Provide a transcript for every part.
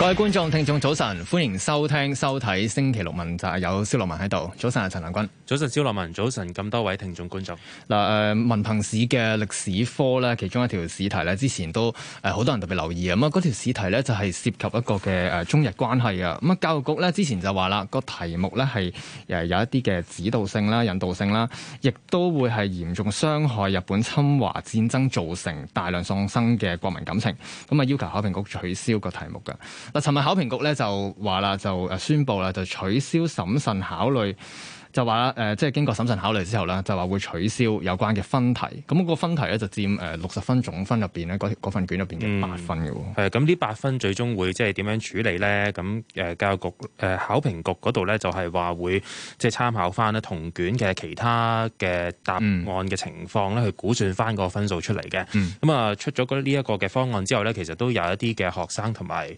各位觀眾、聽眾早晨，歡迎收聽、收睇《星期六問責》。就係有蕭樂文喺度。早晨，陳良君。早晨，蕭樂文。早晨咁多位聽眾觀眾。嗱，誒，文憑試嘅歷史科咧，其中一條試題咧，之前都誒好多人特別留意咁啊。嗰條試題咧就係涉及一個嘅誒中日關係啊。咁啊，教育局咧之前就話啦，個題目咧係誒有一啲嘅指導性啦、引導性啦，亦都會係嚴重傷害日本侵華戰爭造成大量喪生嘅國民感情。咁啊，要求考評局取消個題目噶。嗱，尋日考評局咧就話啦，就誒宣布啦，就取消審慎考慮。就話、呃、即係經過審慎考慮之後咧，就話會取消有關嘅分題。咁、嗰個分題咧就佔誒六十分總分入面咧，嗰、嗰、份、個、卷入面嘅八分嘅喎。咁呢八分最終會即係點樣處理咧？咁、呃、教育局、呃、考評局嗰度咧就係話會即係參考翻咧同卷嘅其他嘅答案嘅情況咧去估算翻個分數出嚟嘅。咁、嗯、啊、嗯、出咗呢一個嘅方案之後咧，其實都有一啲嘅學生同埋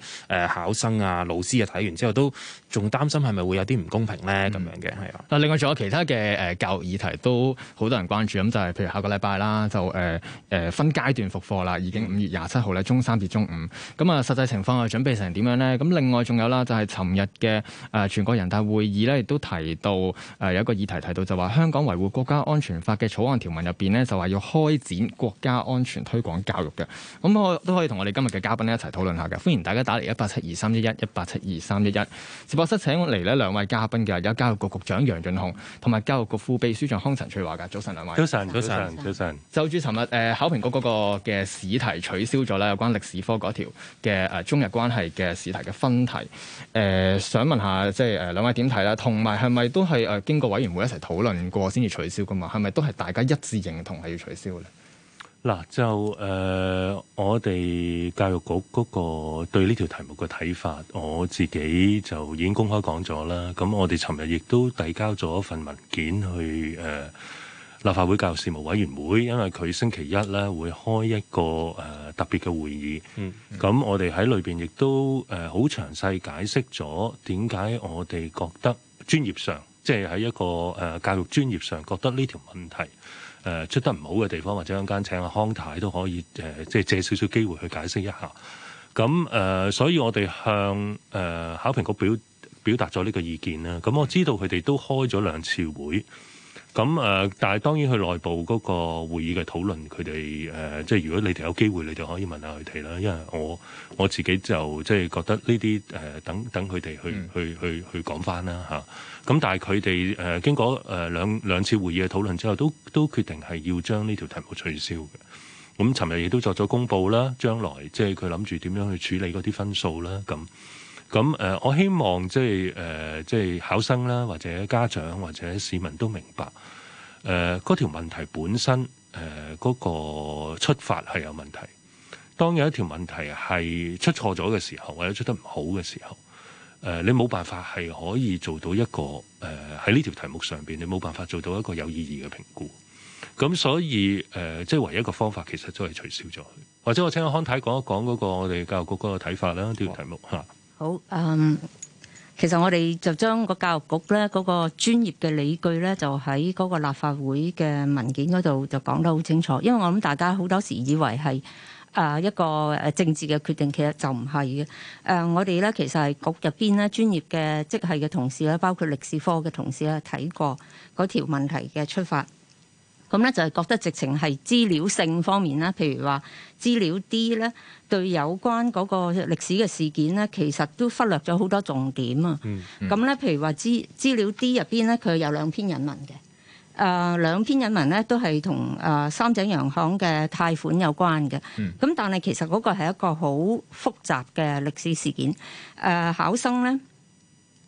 考生啊、老師啊睇完之後都仲擔心係咪會有啲唔公平咧咁樣嘅係啊。嗯另外仲有其他嘅誒教育議題都好多人關注，咁就係譬如下個禮拜啦，就誒誒分階段復課啦，已經五月廿七號咧，中三至中五，咁啊實際情況係準備成點樣咧？咁另外仲有啦，就係尋日嘅誒全國人大會議咧，亦都提到誒有一個議題提到就話香港維護國家安全法嘅草案條文入邊咧，就話要開展國家安全推廣教育嘅，咁我都可以同我哋今日嘅嘉賓咧一齊討論下嘅，歡迎大家打嚟一八七二三一一一八七二三一一，直播室請嚟咧兩位嘉賓嘅，有教育局局長楊。同埋教育局副秘書長康陳翠華，噶，早晨兩位。早晨，早晨，早晨。就住尋日誒考評局嗰個嘅試題取消咗啦，有關歷史科嗰條嘅誒中日關係嘅試題嘅分題，誒、呃、想問下即係誒、呃、兩位點睇啦？同埋係咪都係誒經過委員會一齊討論過先至取消噶嘛？係咪都係大家一致認同係要取消咧？嗱，就誒、呃、我哋教育局嗰個對呢條題目嘅睇法，我自己就已經公開講咗啦。咁我哋尋日亦都遞交咗一份文件去誒、呃、立法會教育事務委員會，因為佢星期一咧會開一個誒、呃、特別嘅會議咁、嗯嗯、我哋喺裏邊亦都誒好詳細解釋咗點解我哋覺得專業上，即係喺一個誒、呃、教育專業上覺得呢條問題。誒、呃、出得唔好嘅地方，或者間間請阿、啊、康太都可以即係、呃、借，借少少機會去解釋一下。咁誒、呃，所以我哋向誒、呃、考評局表表達咗呢個意見啦。咁我知道佢哋都開咗兩次會。咁誒，但係當然佢內部嗰個會議嘅討論，佢哋誒，即係如果你哋有機會，你就可以問下佢哋啦。因為我我自己就即係覺得呢啲誒，等等佢哋去、嗯、去去去講翻啦嚇。咁但係佢哋誒經過誒、呃、兩兩次會議嘅討論之後，都都決定係要將呢條題目取消嘅。咁尋日亦都作咗公佈啦，將來即係佢諗住點樣去處理嗰啲分數啦咁。咁誒、呃，我希望即係誒，即係、呃、考生啦，或者家長或者市民都明白，誒、呃、嗰條問題本身誒嗰、呃嗰個出發係有問題。當有一條問題係出錯咗嘅時候，或者出得唔好嘅時候，誒、呃、你冇辦法係可以做到一個誒喺呢條題目上面，你冇辦法做到一個有意義嘅評估。咁所以誒、呃，即係唯一一個方法，其實都係取消咗佢。或者我請康太講一講嗰個我哋教育局嗰個睇法啦，呢、哦、條題目嚇。好，嗯，其實我哋就將個教育局咧嗰個專業嘅理據咧，就喺嗰個立法會嘅文件嗰度就講得好清楚。因為我諗大家好多時以為係啊一個誒政治嘅決定，其實就唔係嘅。誒，我哋咧其實係局入邊咧專業嘅職系嘅同事咧，包括歷史科嘅同事咧，睇過嗰條問題嘅出發。咁咧就係覺得直情係資料性方面啦，譬如話資料 D 咧對有關嗰個歷史嘅事件咧，其實都忽略咗好多重點啊。咁、嗯、咧，嗯、譬如話資，資料 D 入邊咧，佢有兩篇引文嘅、呃，兩篇引文咧都係同、呃、三井洋行嘅貸款有關嘅。咁、嗯、但係其實嗰個係一個好複雜嘅歷史事件。呃、考生咧。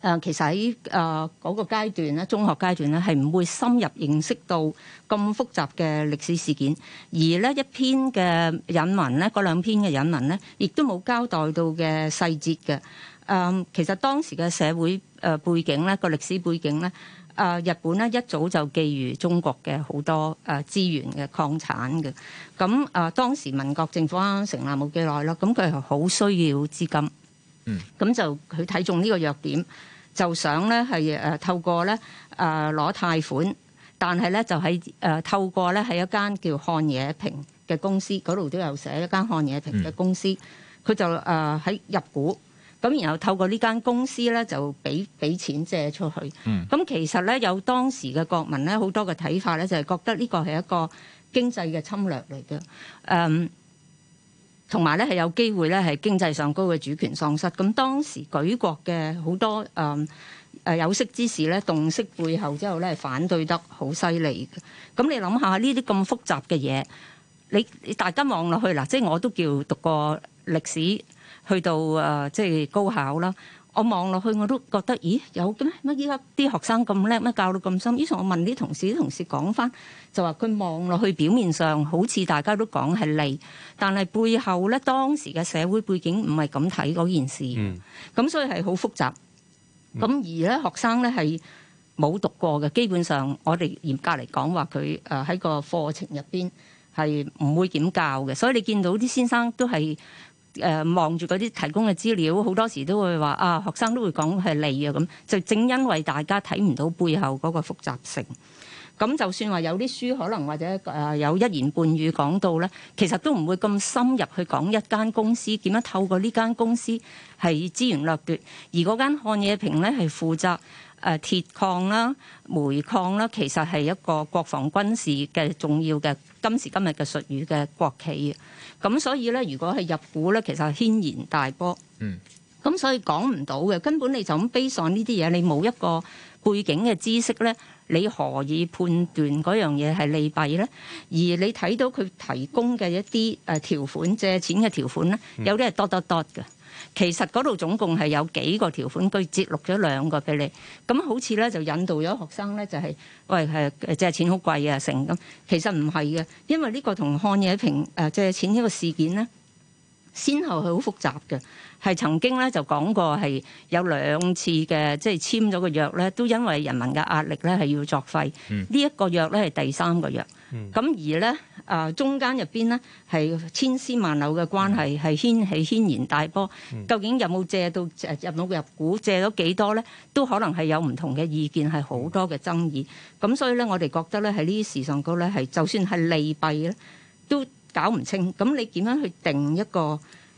誒其實喺誒嗰個階段咧，中學階段咧，係唔會深入認識到咁複雜嘅歷史事件，而咧一篇嘅引文咧，嗰兩篇嘅引文咧，亦都冇交代到嘅細節嘅。誒其實當時嘅社會誒背景咧，個歷史背景咧，誒日本咧一早就覬覦中國嘅好多誒資源嘅礦產嘅。咁誒當時民國政府啱啱成立冇幾耐咯，咁佢係好需要資金。嗯，咁就佢睇中呢個弱點。就想咧係誒透過咧誒攞貸款，但係咧就係誒、呃、透過咧係一間叫漢冶萍嘅公司嗰度都有寫一間漢冶萍嘅公司，佢就誒喺、呃、入股咁，然後透過呢間公司咧就俾俾錢借出去。咁、嗯、其實咧有當時嘅國民咧好多嘅睇法咧就係覺得呢個係一個經濟嘅侵略嚟嘅，誒、嗯。同埋咧，係有機會咧，係經濟上高嘅主權喪失。咁當時舉國嘅好多誒誒有識之士咧，動識背後之後咧，係反對得好犀利嘅。咁你諗下呢啲咁複雜嘅嘢，你你大家望落去啦，即係我都叫讀過歷史，去到誒即係高考啦。我望落去我都覺得，咦有嘅咩？乜依家啲學生咁叻，乜教到咁深？於是，我問啲同事，啲同事講返就話：佢望落去表面上好似大家都講係利，但係背後咧當時嘅社會背景唔係咁睇嗰件事。嗯。咁所以係好複雜。咁而咧學生咧係冇讀過嘅，基本上我哋嚴格嚟講話佢誒喺個課程入邊係唔會點教嘅，所以你見到啲先生都係。誒望住嗰啲提供嘅資料，好多時都會話啊，學生都會講係利啊咁，就正因為大家睇唔到背後嗰個複雜性，咁就算話有啲書可能或者誒有一言半語講到咧，其實都唔會咁深入去講一間公司點樣透過呢間公司係資源掠奪，而嗰間漢冶萍咧係負責。誒鐵礦啦、煤礦啦，其實係一個國防軍事嘅重要嘅今時今日嘅術語嘅國企，咁所以咧，如果係入股咧，其實係軒然大波。嗯。咁所以講唔到嘅，根本你就咁悲喪呢啲嘢，你冇一個背景嘅知識咧，你何以判斷嗰樣嘢係利弊咧？而你睇到佢提供嘅一啲誒條款借錢嘅條款咧，有啲係多多多嘅。其實嗰度總共係有幾個條款，佢節錄咗兩個給你。咁好似就引導咗學生就係、是、喂，係借錢好貴啊成咁。其實唔係嘅，因為呢個同漢冶萍誒借錢呢個事件呢。先後係好複雜嘅，係曾經咧就講過係有兩次嘅，即係簽咗個約咧，都因為人民嘅壓力咧係要作廢。呢、mm. 一個約咧係第三個約。咁、mm. 而咧啊，中間入邊咧係千絲萬縷嘅關係，係掀起軒然大波。Mm. 究竟有冇借到入到、啊、入股，借咗幾多咧，都可能係有唔同嘅意見，係好多嘅爭議。咁、mm. 所以咧，我哋覺得咧喺呢啲時尚高咧，係就算係利弊咧，都。搞唔清，咁你點樣去定一個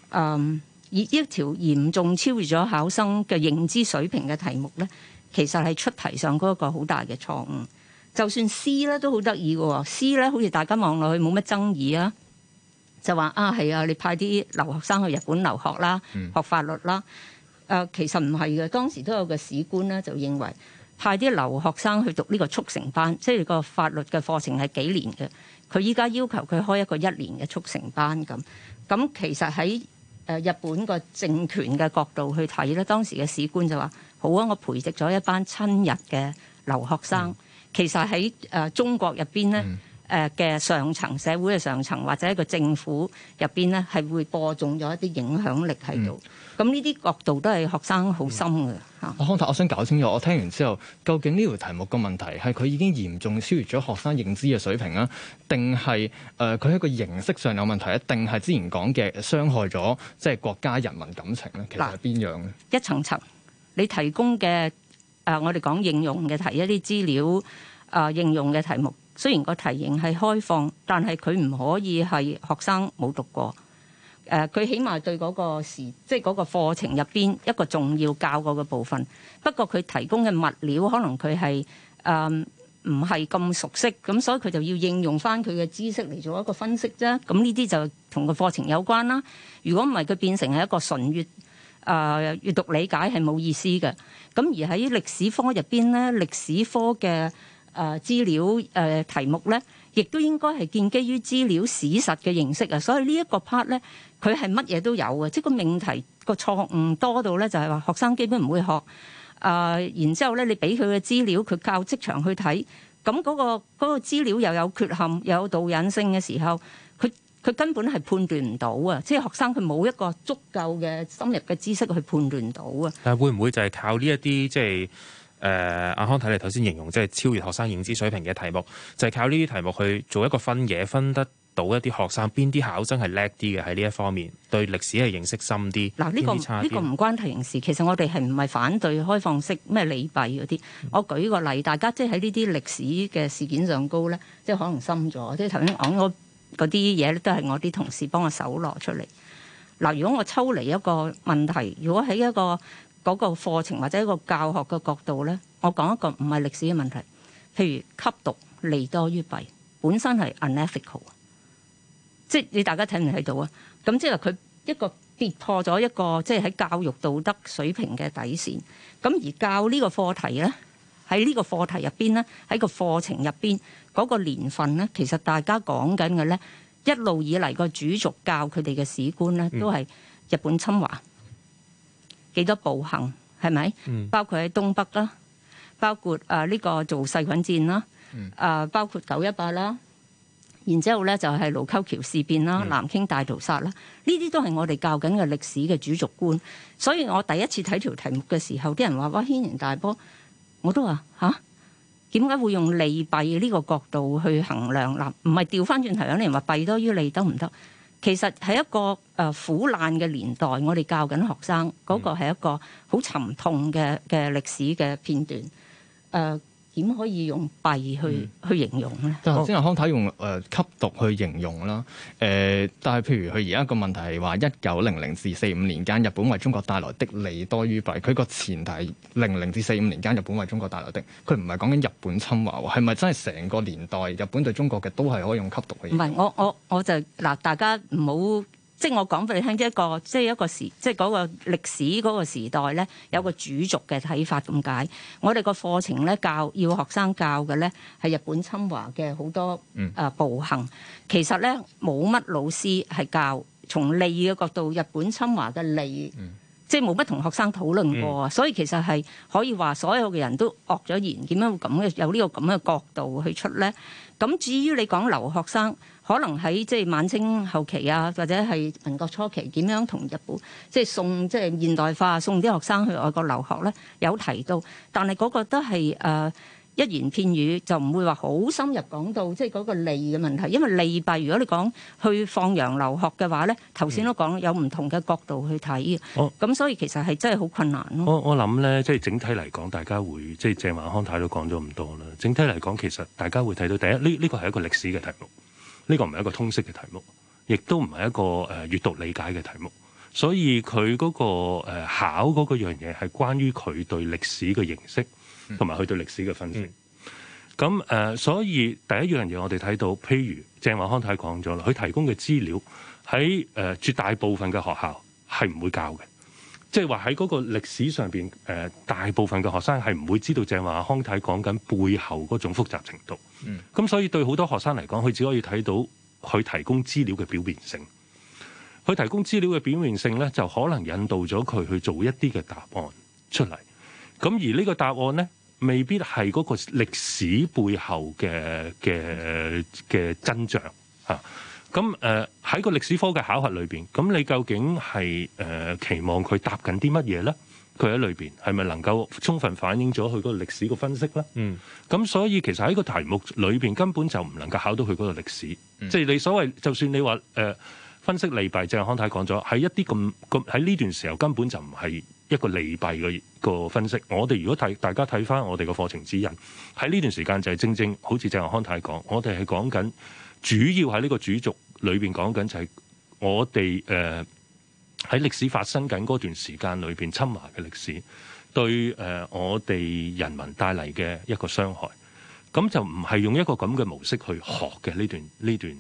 誒一、嗯、一條嚴重超越咗考生嘅認知水平嘅題目呢？其實係出題上嗰個好大嘅錯誤。就算 C 咧都好得意嘅，C 咧好似大家望落去冇乜爭議說啊。就話啊，係啊，你派啲留學生去日本留學啦，學法律啦。誒、啊，其實唔係嘅，當時都有個史官咧就認為派啲留學生去讀呢個速成班，即係個法律嘅課程係幾年嘅。佢依家要求佢開一個一年嘅速成班咁。咁其實喺誒日本個政權嘅角度去睇咧，當時嘅使館就話：好啊，我培植咗一班親日嘅留學生。其實喺誒、呃、中國入邊咧。嗯誒嘅上層社會嘅上層，或者一個政府入邊咧，係會播種咗一啲影響力喺度。咁呢啲角度都係學生好深嘅吓。康太，我想搞清楚，我聽完之後，究竟呢條題目嘅問題係佢已經嚴重超越咗學生認知嘅水平啊？定係誒佢喺個形式上有問題？定係之前講嘅傷害咗即係國家人民感情咧？其實係邊樣？一層層你提供嘅誒、呃，我哋講應用嘅題一啲資料啊、呃，應用嘅題目。雖然個題型係開放，但係佢唔可以係學生冇讀過。誒、呃，佢起碼對嗰個時，即係嗰個課程入邊一個重要教過嘅部分。不過佢提供嘅物料可能佢係誒唔係咁熟悉，咁所以佢就要應用返佢嘅知識嚟做一個分析啫。咁呢啲就同個課程有關啦。如果唔係，佢變成係一個純閲誒閲讀理解係冇意思嘅。咁而喺歷史科入邊咧，歷史科嘅。誒、呃、資料誒、呃、題目咧，亦都應該係建基於資料史實嘅認識啊，所以呢一個 part 咧，佢係乜嘢都有嘅，即係個命題個錯誤多到咧，就係話學生基本唔會學。誒、呃，然之後咧，你俾佢嘅資料，佢靠職場去睇，咁嗰、嗰個嗰、嗰個、資料又有缺陷，又有導引性嘅時候，佢佢根本係判斷唔到啊！即係學生佢冇一個足夠嘅深入嘅知識去判斷到啊。但係會唔會就係靠呢一啲即係？誒、呃，阿康睇嚟頭先形容即係超越學生認知水平嘅題目，就係、是、靠呢啲題目去做一個分野，分得到一啲學生邊啲考生係叻啲嘅，喺呢一方面，對歷史係認識深啲。嗱、這個，呢、這個呢、這個唔關題型的事，其實我哋係唔係反對開放式咩利弊嗰啲？我舉個例，大家即係喺呢啲歷史嘅事件上高咧，即係可能深咗。即係頭先講嗰啲嘢都係我啲同事幫我搜羅出嚟。嗱，如果我抽離一個問題，如果喺一個嗰個課程或者一個教學嘅角度呢，我講一個唔係歷史嘅問題。譬如吸毒利多於弊，本身係 unethical，即係你大家睇唔睇到啊？咁即係佢一個跌破咗一個即係喺教育道德水平嘅底線。咁而教呢個課題呢，喺呢個課題入邊呢，喺個課程入邊嗰個年份呢，其實大家講緊嘅呢，一路以嚟個主軸教佢哋嘅史觀呢，都係日本侵華。嗯幾多少暴行係咪、嗯？包括喺東北啦，包括啊呢、呃這個做細菌戰啦，啊、嗯呃、包括九一八啦，然之後咧就係、是、盧溝橋事變啦、嗯、南京大屠殺啦，呢啲都係我哋教緊嘅歷史嘅主軸觀。所以我第一次睇條題目嘅時候，啲人話：哇，軒然大波！我都話吓，點、啊、解會用利弊呢個角度去衡量？嗱、呃，唔係調翻轉頭，你人話弊多於利得唔得？行不行？其實係一個、呃、苦難嘅年代，我哋教緊學生嗰個係一個好沉痛嘅嘅歷史嘅片段，呃點可以用弊去去、嗯、去形容咧？就頭先阿康太用誒、呃、吸毒去形容啦。誒、呃，但係譬如佢而家個問題係話一九零零至四五年間，日本為中國帶來的利多於弊。佢個前提零零至四五年間，日本為中國帶來的，佢唔係講緊日本侵華喎。係咪真係成個年代日本對中國嘅都係可以用吸毒去形容？唔係，我我我就嗱，大家唔好。即係我講俾你聽，一個即係一個時，即係嗰個歷史嗰個時代咧，有個主軸嘅睇法咁解。我哋個課程咧教要學生教嘅咧係日本侵華嘅好多啊暴行，嗯、其實咧冇乜老師係教從利嘅角度日本侵華嘅利，嗯、即係冇乜同學生討論過啊。所以其實係可以話所有嘅人都惡咗言，點解會咁嘅有呢個咁嘅角度去出咧？咁至於你講留學生。可能喺即係晚清後期啊，或者係民國初期，點樣同日本即係送即係現代化送啲學生去外國留學咧？有提到，但係嗰個都係誒一言片語，就唔會話好深入講到即係嗰個利嘅問題。因為利弊，如果你講去放洋留學嘅話咧，頭先都講有唔同嘅角度去睇。我、嗯、咁，所以其實係真係好困難咯。我我諗咧，即係整體嚟講，大家會即係鄭華康太都講咗咁多啦。整體嚟講，其實大家會睇到第一呢呢個係一個歷史嘅題目。呢、這個唔係一個通識嘅題目，亦都唔係一個誒、呃、閱讀理解嘅題目，所以佢嗰、那個、呃、考嗰個樣嘢係關於佢對歷史嘅認識，同埋佢對歷史嘅分析。咁、嗯、誒、呃，所以第一樣嘢我哋睇到，譬如正話康太講咗啦，佢提供嘅資料喺誒、呃、絕大部分嘅學校係唔會教嘅。即係話喺嗰個歷史上邊，誒、大部分嘅學生係唔會知道正話康太講緊背後嗰種複雜程度。咁所以對好多學生嚟講，佢只可以睇到佢提供資料嘅表面性。佢提供資料嘅表面性咧，就可能引導咗佢去做一啲嘅答案出嚟。咁而呢個答案咧，未必係嗰個歷史背後嘅嘅嘅真相啊！咁誒喺個歷史科嘅考核裏面，咁你究竟係誒、呃、期望佢答緊啲乜嘢咧？佢喺裏面係咪能夠充分反映咗佢個歷史嘅分析咧？嗯，咁所以其實喺個題目裏面根本就唔能夠考到佢嗰個歷史，嗯、即係你所謂就算你話誒、呃、分析利弊，正如康太講咗喺一啲咁咁喺呢段時候根本就唔係一個利弊嘅個分析。我哋如果睇大家睇翻我哋個課程指引，喺呢段時間就係正正好似正如康太講，我哋係講緊主要喺呢個主軸。裏邊講緊就係我哋誒喺歷史發生緊嗰段時間裏邊侵華嘅歷史對誒我哋人民帶嚟嘅一個傷害，咁就唔係用一個咁嘅模式去學嘅呢段呢段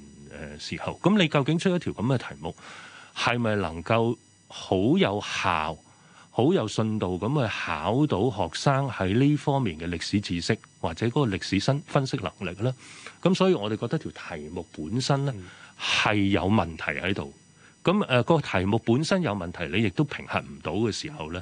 誒時候，咁你究竟出一條咁嘅題目係咪能夠好有效？好有信度咁去考到學生喺呢方面嘅歷史知識或者嗰個歷史分分析能力啦，咁所以我哋覺得條題目本身咧係有問題喺度。咁、那、誒個題目本身有問題，你亦都平衡唔到嘅時候咧。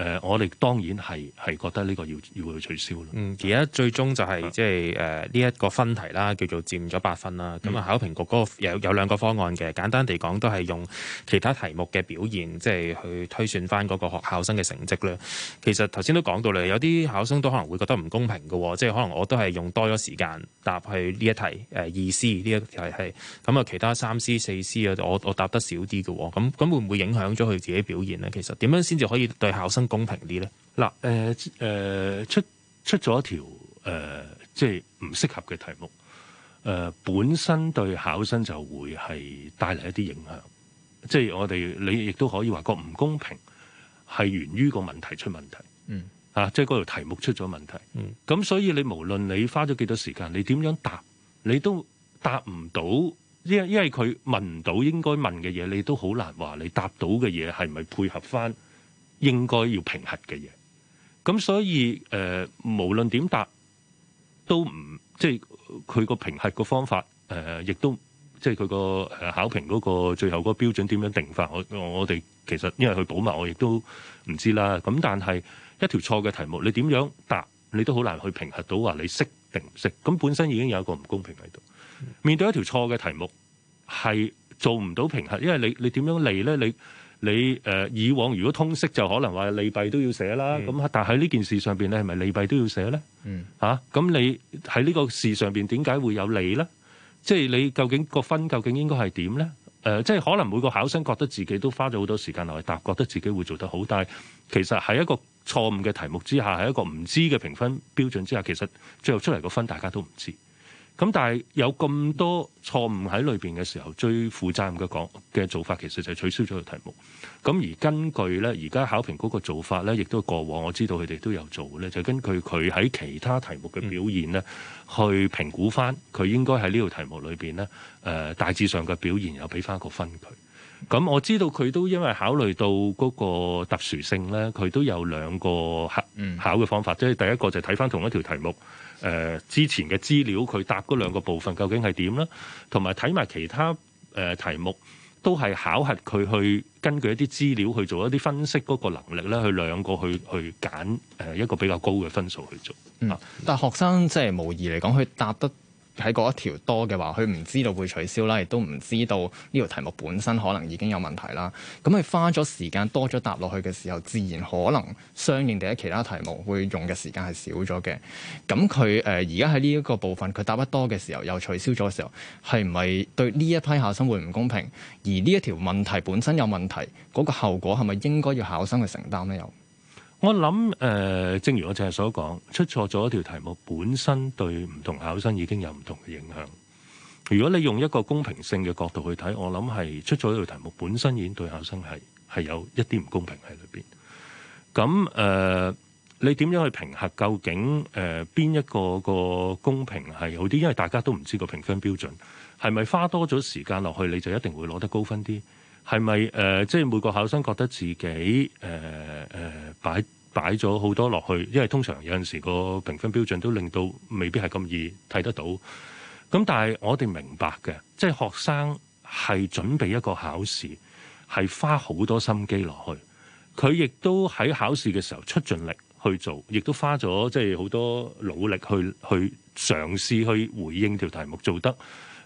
誒、呃，我哋當然係係覺得呢個要要去取消咯。嗯，而家最終就係、是啊、即係誒呢一個分題啦，叫做佔咗八分啦。咁啊、那個，考評局嗰個有有兩個方案嘅，簡單地講都係用其他題目嘅表現，即係去推算返嗰個學校生嘅成績咧。其實頭先都講到啦，有啲考生都可能會覺得唔公平嘅喎，即係可能我都係用多咗時間答去呢一題誒二 C 呢一題係，咁啊其他三 C 四 C 啊，我我答得少啲嘅喎，咁咁會唔會影響咗佢自己表現呢？其實點樣先至可以對考生？公平啲咧，嗱、呃、出出咗一條誒、呃、即係唔適合嘅題目、呃，本身對考生就會係帶嚟一啲影響，即係我哋你亦都可以話個唔公平係源於個問題出問題，嗯、啊、即係嗰條題目出咗問題，嗯，咁所以你無論你花咗幾多時間，你點樣答，你都答唔到，因因為佢問唔到應該問嘅嘢，你都好難話你答到嘅嘢係咪配合翻。應該要評核嘅嘢，咁所以誒、呃，無論點答都唔即係佢個評核個方法，誒、呃、亦都即係佢個誒考評嗰個最後嗰個標準點樣定法，我我哋其實因為佢保密，我亦都唔知啦。咁但係一條錯嘅題目，你點樣答，你都好難去評核到話你識定唔識。咁本身已經有一個唔公平喺度、嗯。面對一條錯嘅題目，係做唔到評核，因為你你點樣嚟咧？你你誒、呃、以往如果通識就可能話利弊都要寫啦，咁、嗯、但喺呢件事上面，你係咪利弊都要寫咧？嗯咁、啊、你喺呢個事上面點解會有利咧？即係你究竟個分究竟應該係點咧？誒、呃，即係可能每個考生覺得自己都花咗好多時間落去答，覺得自己會做得好，但係其實喺一個錯誤嘅題目之下，喺一個唔知嘅評分標準之下，其實最後出嚟個分大家都唔知。咁但係有咁多錯誤喺裏邊嘅時候，最負責任嘅講嘅做法，其實就係取消咗個題目。咁而根據咧，而家考評局個做法咧，亦都過往我知道佢哋都有做咧，就根據佢喺其他題目嘅表現咧，去評估翻佢應該喺呢個題目裏邊咧，誒大致上嘅表現又俾翻一個分佢。咁我知道佢都因為考慮到嗰個特殊性咧，佢都有兩個考嘅方法，即係第一個就睇翻同一條題目，誒、呃、之前嘅資料，佢答嗰兩個部分究竟係點咧？同埋睇埋其他誒、呃、題目，都係考核佢去根據一啲資料去做一啲分析嗰個能力咧，去兩個去去揀誒一個比較高嘅分數去做。嗯，但係學生即係無疑嚟講，佢答得喺嗰一條多嘅話，佢唔知道會取消啦，亦都唔知道呢條題目本身可能已經有問題啦。咁佢花咗時間多咗答落去嘅時候，自然可能相應地喺其他題目會用嘅時間係少咗嘅。咁佢誒而家喺呢一個部分，佢答得多嘅時候又取消咗嘅時候，係唔係對呢一批考生會唔公平？而呢一條問題本身有問題嗰個後果係咪應該要考生去承擔呢？又？我諗誒、呃，正如我淨係所講，出錯咗一條題目，本身對唔同考生已經有唔同嘅影響。如果你用一個公平性嘅角度去睇，我諗係出錯咗一條題目本身已經對考生係係有一啲唔公平喺裏面。咁誒、呃，你點樣去評核究竟誒邊、呃、一個個公平係好啲？因為大家都唔知個評分標準係咪花多咗時間落去，你就一定會攞得高分啲。係咪誒？即、呃、係、係、每個考生覺得自己誒誒、呃、擺擺咗好多落去，因為通常有陣時個評分標準都令到未必係咁易睇得到。咁但係我哋明白嘅，即、就、係、係、學生係準備一個考試，係花好多心機落去。佢亦都喺考試嘅時候出盡力去做，亦都花咗即係好多努力去去嘗試去回應條題目，做得誒、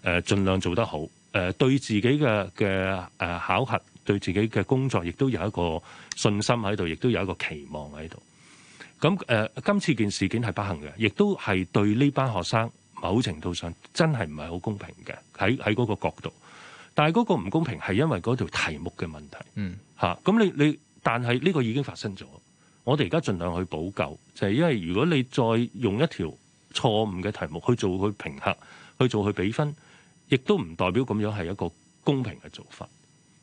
呃、盡量做得好。誒對自己嘅嘅誒考核，對自己嘅工作亦都有一個信心喺度，亦都有一個期望喺度。咁誒、呃，今次件事件係不幸嘅，亦都係對呢班學生某程度上真係唔係好公平嘅。喺喺嗰個角度，但係嗰個唔公平係因為嗰條題目嘅問題。嗯，嚇、啊，咁你你，但係呢個已經發生咗。我哋而家盡量去補救，就係、是、因為如果你再用一條錯誤嘅題目去做去評核，去做去比分。亦都唔代表咁樣係一個公平嘅做法、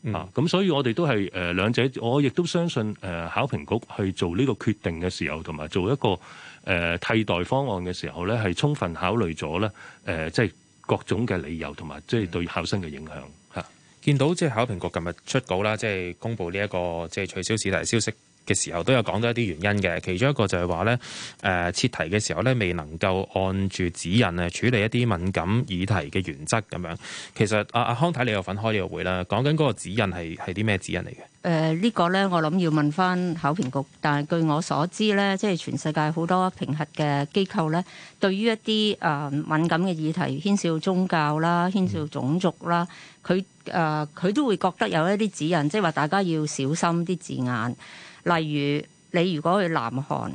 嗯、啊！咁所以我哋都係誒兩者，我亦都相信誒、呃、考評局去做呢個決定嘅時候，同埋做一個誒、呃、替代方案嘅時候咧，係充分考慮咗咧誒，即、呃、係、就是、各種嘅理由同埋即係對考生嘅影響吓、啊。見到即係考評局近日出稿啦，即、就、係、是、公布呢、這、一個即係取消試題消息。嘅時候都有講到一啲原因嘅，其中一個就係話呢誒設題嘅時候呢，未能夠按住指引啊處理一啲敏感議題嘅原則咁樣。其實阿阿、啊、康太，你又有份開呢個會啦，講緊嗰個指引係係啲咩指引嚟嘅？誒、呃、呢、這個呢，我諗要問翻考評局，但係據我所知呢，即係全世界好多評核嘅機構呢，對於一啲誒、呃、敏感嘅議題牽涉到宗教啦、牽涉到種族啦，佢誒佢都會覺得有一啲指引，即係話大家要小心啲字眼。例如你如果去南韓，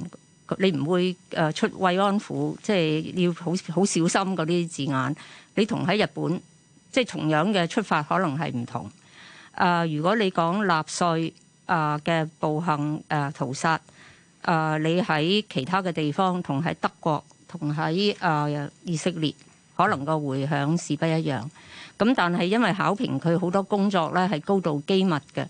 你唔會誒出慰安婦，即係要好好小心嗰啲字眼。你同喺日本，即係同樣嘅出發，可能係唔同。啊，如果你講納粹啊嘅暴行誒屠殺，啊你喺其他嘅地方同喺德國同喺啊以色列，可能個回響是不一樣。咁但係因為考評佢好多工作咧係高度機密嘅。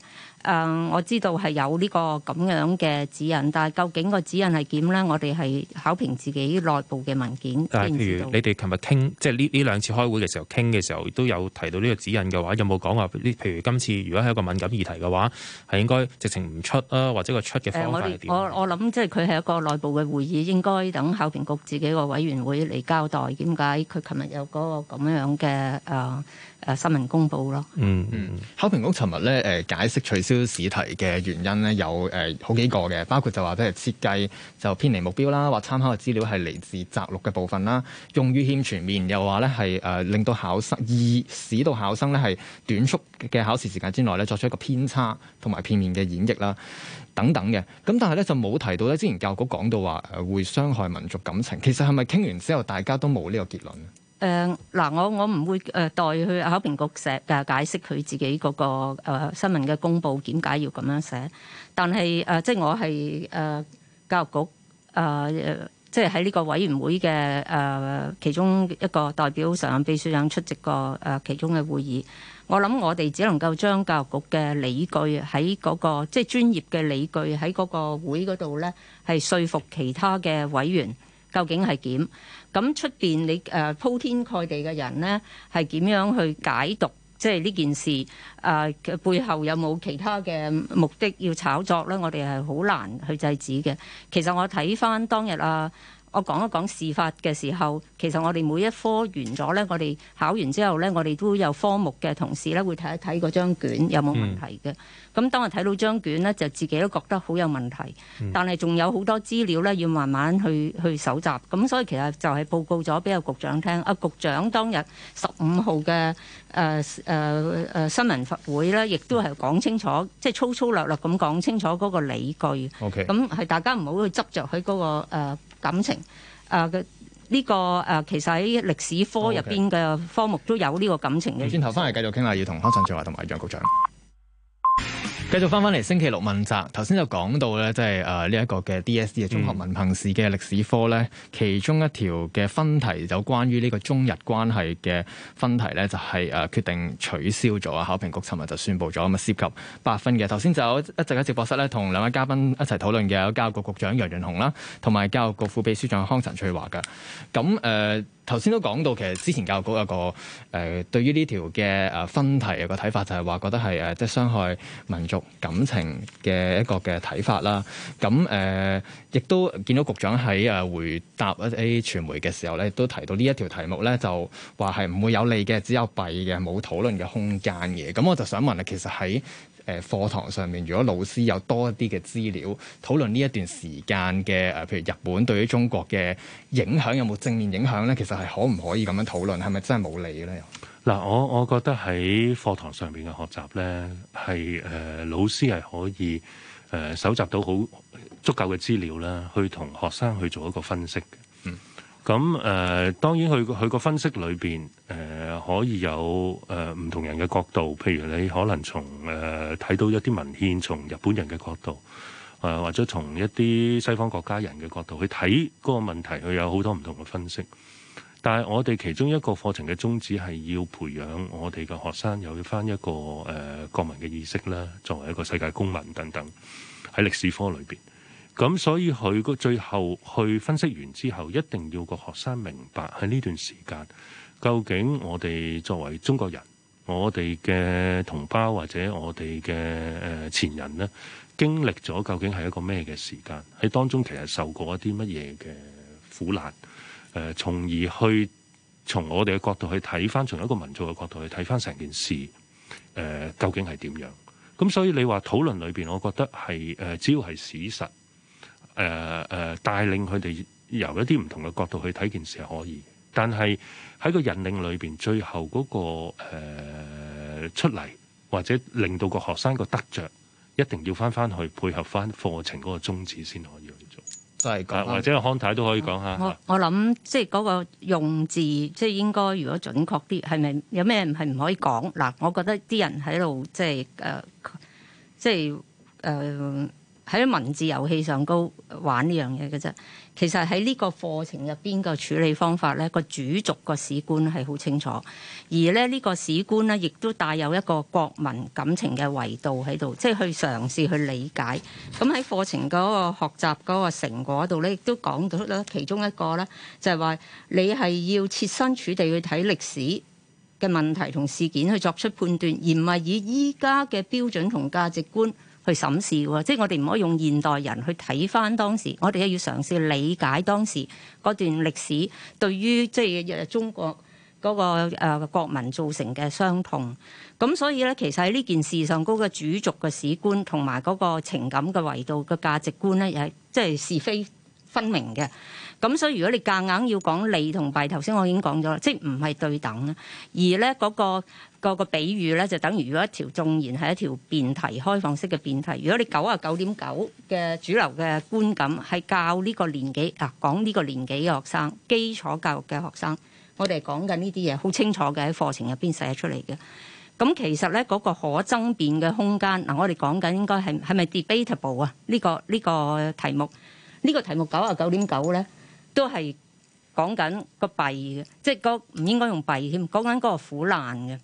誒、嗯，我知道係有呢個咁樣嘅指引，但係究竟個指引係點咧？我哋係考評自己內部嘅文件。但譬如，你哋琴日傾，即係呢呢兩次開會嘅時候傾嘅時候，時候都有提到呢個指引嘅話，有冇講話？譬如今次如果係一個敏感議題嘅話，係應該直情唔出啊，或者個出嘅方法係點、呃？我我我諗，即係佢係一個內部嘅會議，應該等考評局自己個委員會嚟交代點解佢琴日有嗰個咁樣嘅誒。呃誒、啊、新聞公佈咯。嗯嗯，考評局尋日咧解釋取消試題嘅原因咧，有好幾個嘅，包括就話即係設計就偏離目標啦，或參考嘅資料係嚟自摘錄嘅部分啦，用語欠全面，又話咧係令到考生二使到考生咧係短促嘅考試時間之內咧作出一個偏差同埋片面嘅演繹啦等等嘅。咁但係咧就冇提到咧，之前教育局講到話誒會傷害民族感情，其實係咪傾完之後大家都冇呢個結論？誒、呃、嗱，我我唔會誒代去考評局寫嘅解釋佢自己嗰、那個、呃、新聞嘅公佈點解要咁樣寫，但係誒即係我係誒、呃、教育局誒即係喺呢個委員會嘅誒、呃、其中一個代表常任秘書長出席個過誒、呃、其中嘅會議，我諗我哋只能夠將教育局嘅理據喺嗰、那個即係、就是、專業嘅理據喺嗰個會嗰度咧係說服其他嘅委員。究竟係點？咁出面你誒鋪天蓋地嘅人呢，係點樣去解讀？即係呢件事誒、呃、背後有冇其他嘅目的要炒作呢？我哋係好難去制止嘅。其實我睇返當日啊。我講一講事發嘅時候，其實我哋每一科完咗呢，我哋考完之後呢，我哋都有科目嘅同事呢會睇一睇嗰張卷有冇問題嘅。咁、嗯、當日睇到張卷呢，就自己都覺得好有問題。但係仲有好多資料呢要慢慢去去搜集。咁所以其實就係報告咗俾阿局長聽。阿局長當日十五號嘅誒誒誒新聞發會呢，亦都係講清楚，即係粗粗略略咁講清楚嗰個理據。咁、okay. 係大家唔好去執着喺嗰個、呃感情，誒、呃，呢、這個誒、呃，其實喺歷史科入邊嘅科目都有呢個感情嘅。轉頭翻嚟繼續傾下，要同康陳翠華同埋楊局長。繼續翻翻嚟，星期六問責。頭先就講到咧，即係誒呢一個嘅 DSE 嘅中學文憑試嘅歷史科咧，嗯，其中一條嘅分題就關於呢個中日關係嘅分題咧，就係誒決定取消咗啊。考評局尋日就宣佈咗，咁啊涉及八分嘅。頭先就一直喺直播室咧，同兩位嘉賓一齊討論嘅，有教育局局長楊潤雄啦，同埋教育局副秘書長康陳翠華噶。咁誒。呃頭先都講到，其實之前教育局有個誒、呃、對於呢條嘅誒分題有個睇法，就係話覺得係誒即係傷害民族感情嘅一個嘅睇法啦。咁誒亦都見到局長喺誒回答一啲傳媒嘅時候咧，都提到呢一條題目咧，就話係唔會有利嘅，只有弊嘅，冇討論嘅空間嘅。咁我就想問啊，其實喺誒課堂上面，如果老師有多一啲嘅資料討論呢一段時間嘅誒，譬如日本對於中國嘅影響有冇正面影響呢？其實係可唔可以咁樣討論？係咪真係冇理呢？嗱，我我覺得喺課堂上面嘅學習呢，係誒、呃、老師係可以誒搜、呃、集到好足夠嘅資料啦，去同學生去做一個分析。咁誒、呃，當然佢佢個分析裏邊，誒、呃，可以有誒唔、呃、同人嘅角度，譬如你可能從誒睇到一啲文獻，從日本人嘅角度，誒、呃，或者從一啲西方國家人嘅角度去睇嗰個問題，佢有好多唔同嘅分析。但係我哋其中一個課程嘅宗旨係要培養我哋嘅學生有翻一個誒、呃、國民嘅意識啦，作為一個世界公民等等喺歷史科裏邊。咁所以佢個最後去分析完之後，一定要個學生明白喺呢段時間究竟我哋作為中國人，我哋嘅同胞或者我哋嘅誒前人咧經歷咗究竟係一個咩嘅時間喺當中，其實受過一啲乜嘢嘅苦難誒，從、呃、而去從我哋嘅角度去睇翻，從一個民族嘅角度去睇翻成件事誒、呃、究竟係點樣。咁所以你話討論裏邊，我覺得係誒、呃、只要係史實。誒、呃、誒、呃，帶領佢哋由一啲唔同嘅角度去睇件事係可以，但係喺個引領裏邊，最後嗰、嗰個、呃、出嚟或者令到個學生個得着，一定要翻翻去配合翻課程嗰個宗旨先可以去做。係、嗰個啊，或者康太都可以講下。我我諗即係嗰個用字，即、即、係、係、應該如果準確啲，係咪有咩唔係唔可以講？嗱、啊，我覺得啲人喺度即係誒，即係誒。呃即係呃喺文字遊戲上高玩呢樣嘢嘅啫，其實喺呢個課程入邊個處理方法咧，個主軸個史觀係好清楚，而咧，呢個史觀咧，亦都帶有一個國民感情嘅維度喺度，即係去嘗試去理解。咁喺課程嗰個學習嗰個成果度咧，亦都講到啦，其中一個咧，就係話，你係要切身處地去睇歷史嘅問題同事件，去作出判斷，而唔係以依家嘅標準同價值觀。去審視喎，即係我哋唔可以用現代人去睇翻當時，我哋又要嘗試理解當時嗰段歷史對於即係中國嗰、那個誒、呃、國民造成嘅傷痛。咁所以咧，其實喺呢件事上，嗰、那個主軸嘅史觀同埋嗰個情感嘅維度嘅價、那個、值觀咧，又係即係是非。分明嘅。咁，所以如果你夾硬要講利同弊，頭先我已經講咗啦，即係唔係對等啦。而咧嗰個嗰個比喻咧，就等於如果一條縱然係一條辯題開放式嘅辯題，如果你九啊九點九嘅主流嘅觀感係教呢個年紀啊，講呢個年紀嘅學生基礎教育嘅學生，我哋講緊呢啲嘢好清楚嘅喺課程入邊寫出嚟嘅。咁其實咧嗰個可爭辯嘅空間嗱，啊，我哋講緊應該係係咪 debatable 啊，呢個？呢個呢個題目。呢、這個題目九啊九點九咧，都係講緊個弊嘅，即係嗰唔應該用弊添，講緊嗰個苦難嘅。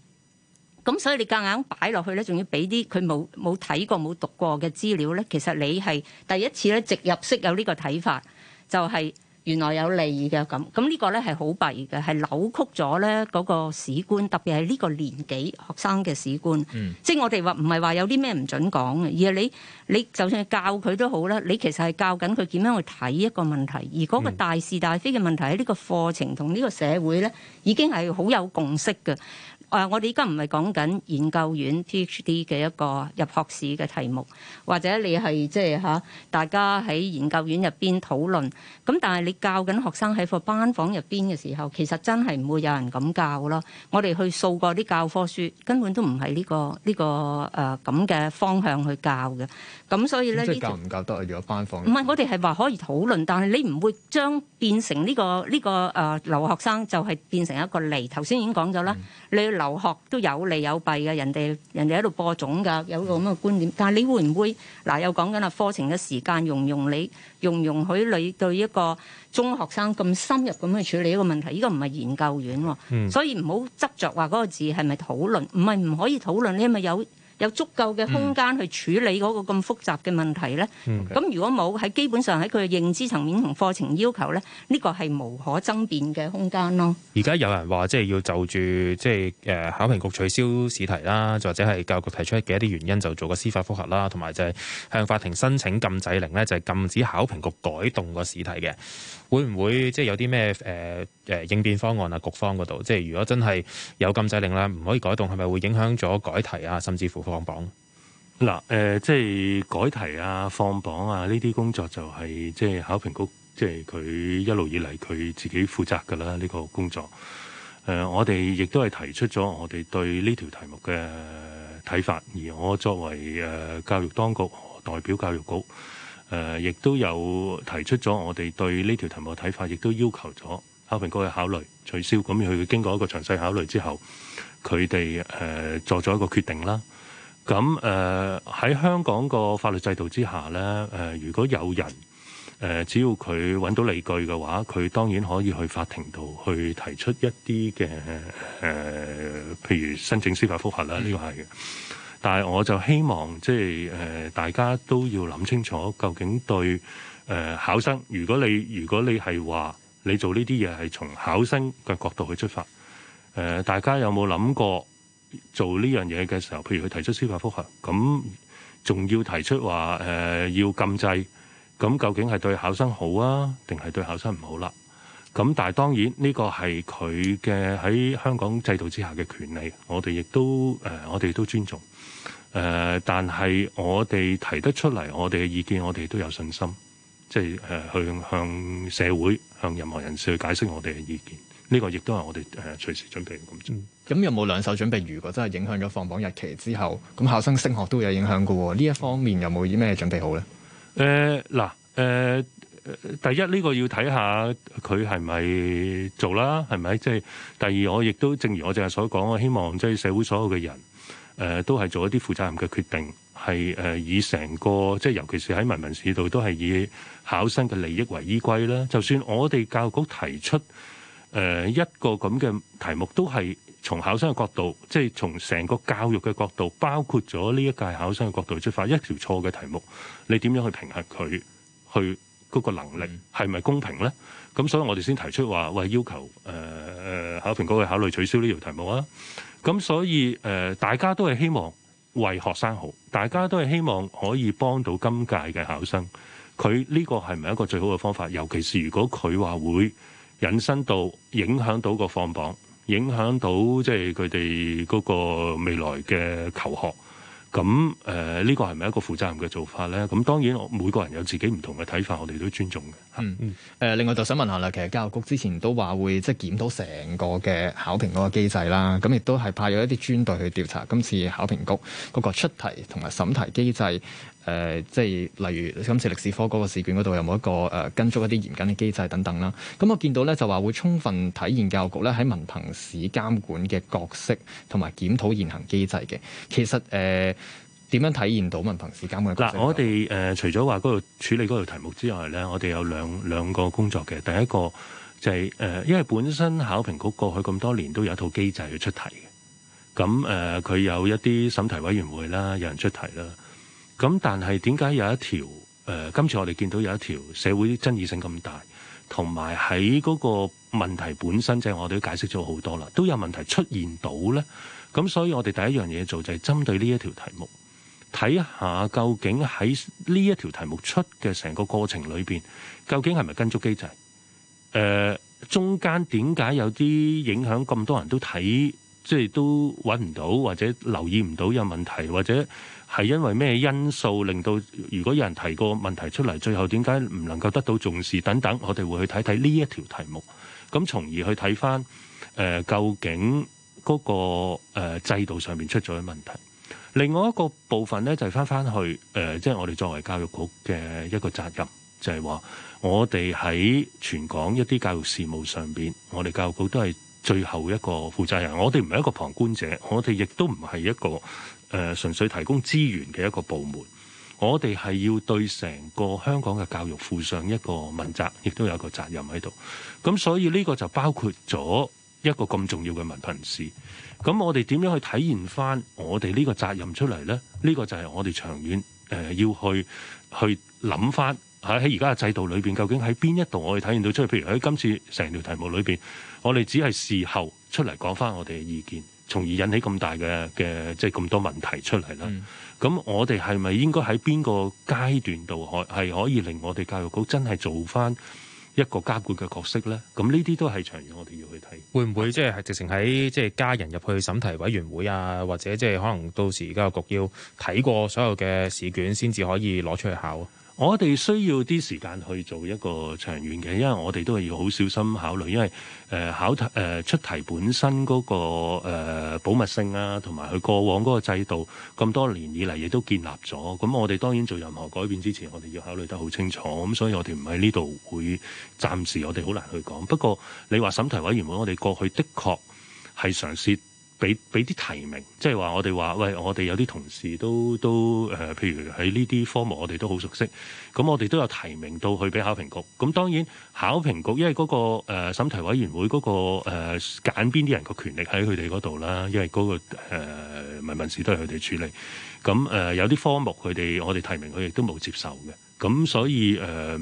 咁所以你夾硬擺落去咧，仲要俾啲佢冇冇睇過、冇讀過嘅資料咧。其實你係第一次咧，直入式有呢個睇法，就係、是。原來有利嘅咁，咁呢個咧係好弊嘅，係扭曲咗咧嗰個史觀，特別係呢個年紀學生嘅史觀。嗯，即係我哋話唔係話有啲咩唔準講嘅，而係你你就算係教佢都好啦，你其實係教緊佢點樣去睇一個問題，而嗰個大是大非嘅問題，喺呢個課程同呢個社會咧已經係好有共識嘅。誒，我哋依家唔係講緊研究院 PhD 嘅一個入學試嘅題目，或者你係即係嚇大家喺研究院入邊討論。咁但係你教緊學生喺課班房入邊嘅時候，其實真係唔會有人咁教咯。我哋去掃過啲教科書，根本都唔係呢個呢個誒咁嘅方向去教嘅。咁所以咧，即係教唔教得啊？如果班房唔係，我哋係話可以討論，但係你唔會將變成呢個呢個誒留學生就係變成一個嚟。頭先已經講咗啦，你留留學都有利有弊嘅，人哋人哋喺度播種噶，有咁嘅觀點。但係你會唔會嗱、啊？又講緊啦，課程嘅時間容唔容你容容許你對一個中學生咁深入咁去處理一個問題？呢、這個唔係研究院、啊嗯，所以唔好執着話嗰個字係咪討論，唔係唔可以討論，你係咪有。有足夠嘅空間去處理嗰個咁複雜嘅問題咧，咁、嗯、如果冇喺基本上喺佢嘅認知層面同課程要求咧，呢個係無可爭辯嘅空間咯。而家有人話即係要就住即係誒考評局取消試題啦，或者係教育局提出嘅一啲原因，就做個司法覆核啦，同埋就係向法庭申請禁制令咧，就係、是、禁止考評局改動個試題嘅。會唔會即係有啲咩誒誒應變方案啊？局方嗰度，即係如果真係有禁制令咧，唔可以改動，係咪會影響咗改題啊？甚至乎放榜嗱誒、呃呃，即係改題啊、放榜啊呢啲工作就係、是、即係考評局，即係佢一路以嚟佢自己負責㗎啦呢個工作。誒、呃，我哋亦都係提出咗我哋對呢條題目嘅睇法，而我作為誒、呃、教育當局代表教育局。誒、呃，亦都有提出咗我哋對呢條題目嘅睇法，亦都要求咗考評局去考慮取消。咁佢經過一個詳細考慮之後，佢哋誒做咗一個決定啦。咁誒喺香港個法律制度之下咧，誒、呃、如果有人誒、呃、只要佢搵到理據嘅話，佢當然可以去法庭度去提出一啲嘅誒譬如申請司法覆核啦，呢個係。嘅。但係，我就希望即係誒、呃，大家都要諗清楚，究竟對誒、呃、考生，如果你如果你係話你做呢啲嘢係從考生嘅角度去出發，誒、呃，大家有冇諗過做呢樣嘢嘅時候，譬如佢提出司法覆核，咁仲要提出話誒、呃、要禁制，咁究竟係對考生好啊，定係對考生唔好啦、啊？咁但係當然呢個係佢嘅喺香港制度之下嘅權利，我哋亦都誒、呃，我哋都尊重。誒、呃，但係我哋提得出嚟，我哋嘅意見，我哋都有信心，即係誒去向社會、向任何人士去解釋我哋嘅意見。呢、這個亦都係我哋誒、呃、隨時準備咁。咁、嗯、有冇兩手準備？如果真係影響咗放榜日期之後，咁考生升學都有影響嘅喎。呢一方面有冇啲咩準備好咧？誒、呃、嗱，誒、呃、第一呢、這個要睇下佢係咪做啦，係咪？即、就、係、是、第二，我亦都正如我淨係所講我希望即係、就是、社會所有嘅人。誒、呃、都係做一啲負責任嘅決定，係誒、呃、以成個即係尤其是喺文文試度都係以考生嘅利益為依歸啦。就算我哋教育局提出誒、呃、一個咁嘅題目，都係從考生嘅角度，即係從成個教育嘅角度，包括咗呢一屆考生嘅角度出發。一條錯嘅題目，你點樣去評核佢？去嗰個能力係咪公平呢？咁所以，我哋先提出話，我、呃、要求誒、呃、考評局去考慮取消呢條題目啊！咁所以誒、呃、大家都係希望為學生好，大家都係希望可以幫到今屆嘅考生。佢呢個係咪一個最好嘅方法？尤其是如果佢話會引申到影響到個放榜，影響到即係佢哋嗰個未來嘅求學。咁誒呢個係咪一個負責任嘅做法咧？咁當然，我每個人有自己唔同嘅睇法，我哋都尊重嘅。嗯嗯。誒，另外就想問下啦，其實教育局之前都話會即係檢討成個嘅考評嗰個機制啦，咁亦都係派咗一啲專隊去調查今次考評局嗰個出題同埋審題機制。誒、呃，即係例如今次歷史科嗰個試卷嗰度有冇一個誒、呃、跟足一啲嚴謹嘅機制等等啦。咁、嗯、我見到咧就話會充分體現教育局咧喺文憑試監管嘅角色，同埋檢討現行機制嘅。其實誒點、呃、樣體現到文憑試監管嘅角色？嗱，我哋誒、呃、除咗話嗰個處理嗰個題目之外咧，我哋有兩兩個工作嘅。第一個就係、是、誒、呃，因為本身考評局過去咁多年都有一套機制去出題嘅。咁誒，佢、呃、有一啲審題委員會啦，有人出題啦。咁但係點解有一條誒、呃，今次我哋見到有一條社會爭議性咁大，同埋喺嗰個問題本身，就我哋都解釋咗好多啦，都有問題出現到呢。咁所以我哋第一樣嘢做就係、是、針對呢一條題目，睇下究竟喺呢一條題目出嘅成個過程裏邊，究竟係咪跟足機制？誒、呃，中間點解有啲影響咁多人都睇？即係都揾唔到，或者留意唔到有問題，或者係因為咩因素令到？如果有人提過問題出嚟，最後點解唔能夠得到重視等等，我哋會去睇睇呢一條題目，咁從而去睇翻誒，究竟嗰個誒制度上面出咗問題。另外一個部分咧，就係翻翻去誒，即係我哋作為教育局嘅一個責任，就係話我哋喺全港一啲教育事務上邊，我哋教育局都係。最後一個負責人，我哋唔係一個旁觀者，我哋亦都唔係一個呃、純粹提供資源嘅一個部門，我哋係要對成個香港嘅教育負上一個問責，亦都有一個責任喺度。咁所以呢個就包括咗一個咁重要嘅文憑試。咁我哋點樣去體現翻我哋呢個責任出嚟咧？呢、呢個就係我哋長遠、呃、要去去諗翻。喺而家嘅制度裏面，究竟喺邊一度我哋體驗到出去？譬如喺今次成條題目裏面，我哋只係事後出嚟講翻我哋嘅意見，從而引起咁大嘅嘅即係咁多問題出嚟啦。咁、嗯、我哋係咪應該喺邊個階段度可係可以令我哋教育局真係做翻一個監管嘅角色咧？咁呢啲都係長遠我哋要去睇。會唔會即係直情喺即係加人入去審題委員會啊？或者即係可能到時教育局要睇過所有嘅試卷先至可以攞出去考啊？我哋需要啲時間去做一個長遠嘅，因為我哋都係要好小心考慮，因為誒、呃、考題、呃、出題本身嗰、那個誒、呃、保密性啊，同埋佢過往嗰個制度咁多年以嚟亦都建立咗。咁我哋當然做任何改變之前，我哋要考慮得好清楚。咁所以我哋唔喺呢度會暫時我哋好難去講，不過你話審題委員會我哋過去的確係嘗試。俾俾啲提名，即係話我哋話喂，我哋有啲同事都都誒、呃，譬如喺呢啲科目我哋都好熟悉，咁我哋都有提名到去俾考評局。咁當然考評局，因為嗰、那個誒審、呃、題委員會嗰、那個誒揀邊啲人個權力喺佢哋嗰度啦，因為嗰、那個誒文文事都係佢哋處理。咁誒、呃、有啲科目佢哋我哋提名佢亦都冇接受嘅，咁所以誒。呃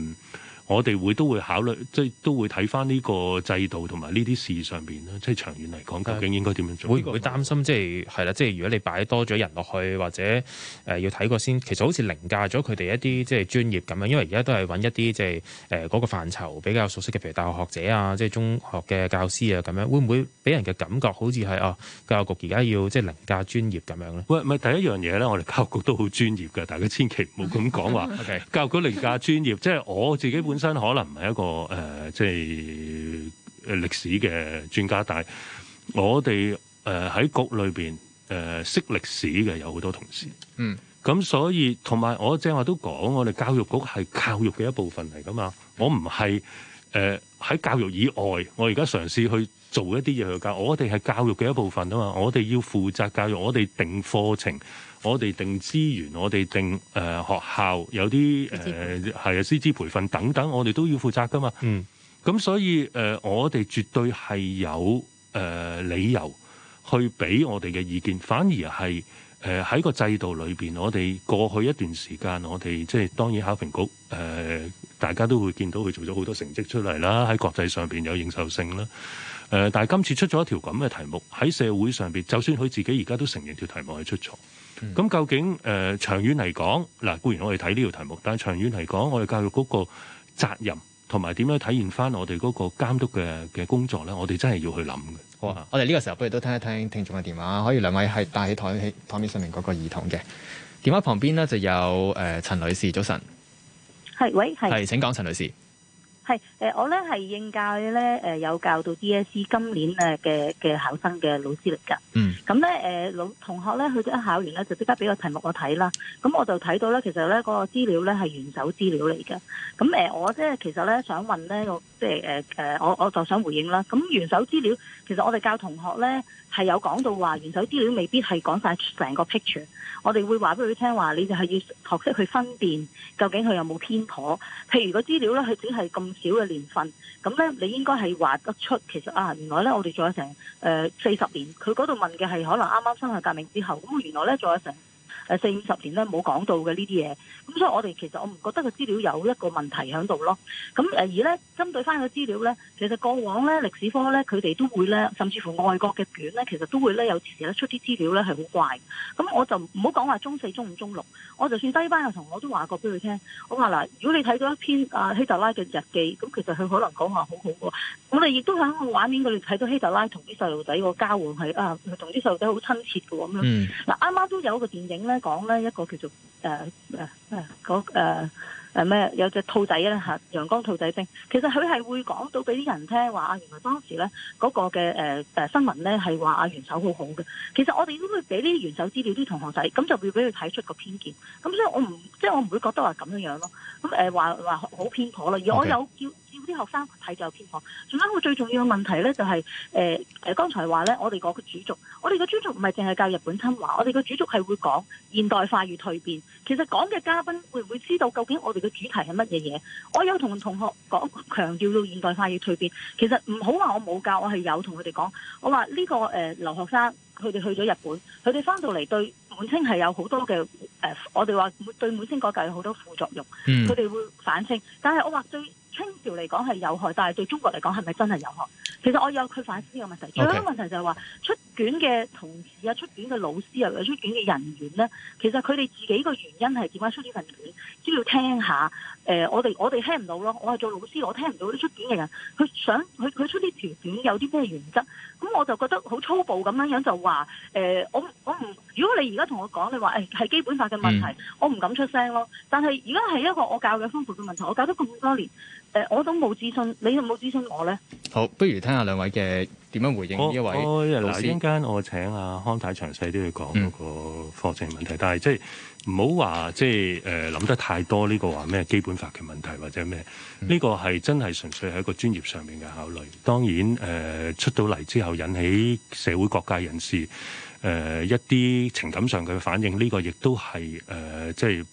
我哋會都會考慮，即係都會睇翻呢個制度同埋呢啲事上邊啦，即係長遠嚟講，究竟應該點樣做？會唔會擔心即係係啦，即係如果你擺多咗人落去，或者誒、呃、要睇過先，其實好似凌駕咗佢哋一啲即係專業咁樣，因為而家都係揾一啲即係誒嗰個範疇比較熟悉嘅，譬如大學學者啊，即係中學嘅教師啊咁樣，會唔會俾人嘅感覺好似係啊教育局而家要即係凌駕專業咁樣咧？喂，唔係第一樣嘢咧，我哋教育局都好專業㗎，大家千祈唔好咁講話教育局凌駕專業，即係我自己本身本身可能唔係一個誒、呃、即係誒歷史嘅專家，但係我哋誒喺局裏邊誒、呃、識歷史嘅有好多同事，嗯，咁所以同埋我正話都講，我哋教育局係教育嘅一部分嚟㗎嘛，我唔係誒喺教育以外，我而家嘗試去做一啲嘢去教，我哋係教育嘅一部分啊嘛，我哋要負責教育，我哋定課程。我哋定資源，我哋定誒、呃、學校有啲誒係啊師資培訓等等，我哋都要負責噶嘛。嗯，咁所以誒、呃，我哋絕對係有誒、呃、理由去俾我哋嘅意見，反而係。誒、呃、喺個制度裏面，我哋過去一段時間，我哋即係當然考評局誒、呃，大家都會見到佢做咗好多成績出嚟啦，喺國際上面有認受性啦。誒、呃，但係今次出咗一條咁嘅題目，喺社會上面就算佢自己而家都承認條題目係出錯，咁、嗯、究竟誒、呃、長遠嚟講，嗱，固然我哋睇呢條題目，但係長遠嚟講，我哋教育局個責任。同埋點樣體現翻我哋嗰個監督嘅嘅工作呢？我哋真係要去諗嘅，好啊。我哋呢個時候不如都聽一聽聽眾嘅電話。可以兩位係帶起台起台面上面嗰個耳筒嘅電話旁邊呢就有、呃、陳女士，早晨。係，喂，係。係，請講，陳女士。係、呃，我咧係應屆咧，誒、呃、有教到 DSE 今年咧嘅嘅考生嘅老師嚟㗎。嗯。咁、嗯、咧，誒老同學咧，去咗一考完咧，就即刻俾個題目我睇啦。咁我就睇到咧，其實咧個、那個資料咧係原手資料嚟㗎。咁、呃、我即係其實咧想問咧、呃，我即係誒我我就想回應啦。咁原手資料，其實我哋教同學咧，係有講到話，原手資料未必係講曬成個 picture。我哋會話俾佢聽話，你就係要學識去分辨究竟佢有冇偏頗。譬如個資料呢，佢只係咁少嘅年份，咁呢，你應該係話得出。其實啊，原來呢，我哋做咗成誒四十年。佢嗰度問嘅係可能啱啱工業革命之後，咁原來呢，仲有成。四五十年咧，冇講到嘅呢啲嘢，咁所以我哋其實，我唔覺得個資料有一個問題喺度咯。咁而咧，針對翻個資料咧，其實過往咧，歷史科咧，佢哋都會咧，甚至乎外國嘅卷咧，其實都會咧，有時出啲資料咧係好怪。咁我就唔好講話中四、中五、中六，我就算低班嘅同學我都話過俾佢聽，我話嗱，如果你睇到一篇誒、啊、希特拉嘅日記，咁其實佢可能講話好好嘅。我哋亦都喺個畫面佢哋睇到希特拉同啲細路仔個交換係啊，同啲細路仔好親切嘅咁樣。嗱，啱啱都有個電影咧。講咧一個叫做誒誒誒嗰咩，有隻兔仔啦，嚇陽光兔仔兵，其實佢係會講到俾啲人聽話啊，原來當時咧嗰個嘅誒誒新聞咧係話阿元首好好嘅，其實我哋都會俾呢啲元首資料啲同學仔，咁就會俾佢睇出個偏見，咁所以我唔即係我唔會覺得話咁樣樣咯，咁誒話話好偏頗啦而我有叫。啲學生睇就有偏頗。仲有一個最重要嘅問題咧，就係誒誒，剛才話咧，我哋個主族，我哋個主族唔係淨係教日本侵華，我哋嘅主族係會講現代化與蛻變。其實講嘅嘉賓會唔會知道究竟我哋嘅主題係乜嘢嘢？我有同同學講強調到現代化與蛻變。其實唔好話我冇教，我係有同佢哋講。我話呢個誒，留學生佢哋去咗日本，佢哋翻到嚟對滿清係有好多嘅誒，我哋話對滿清改革有好多副作用，佢哋會反清。但係我話對。清朝嚟講係有害，但係對中國嚟講係咪真係有害？其實我有佢反思呢個問題，仲有個問題就係話、okay. 出卷嘅同事啊、出卷嘅老師啊、出卷嘅人員咧，其實佢哋自己個原因係點解出呢份卷都要聽一下。誒、呃，我哋我哋聽唔到咯。我係做老師，我聽唔到啲出卷嘅人，佢想佢佢出啲條款有啲咩原則？咁我就覺得好粗暴咁樣樣就話，誒、呃，我我唔，如果你而家同我講你話，誒、哎，係基本法嘅問題，我唔敢出聲咯。但係而家係一個我教嘅豐富嘅問題，我教咗咁多年，誒、呃，我都冇諮詢，你有冇諮詢我咧？好，不如聽下兩位嘅。點樣回應呢位老師？嗱，間我，我，我請阿、啊、康太詳細啲去講個課程問題，嗯、但係即係唔好話即係誒諗得太多呢個話咩基本法嘅問題或者咩？呢、嗯呢個係真係純粹係一個專業上面嘅考慮。當然誒、呃、出到嚟之後引起社會各界人士誒、呃、一啲情感上嘅反應，呢、呢個亦都係誒即係。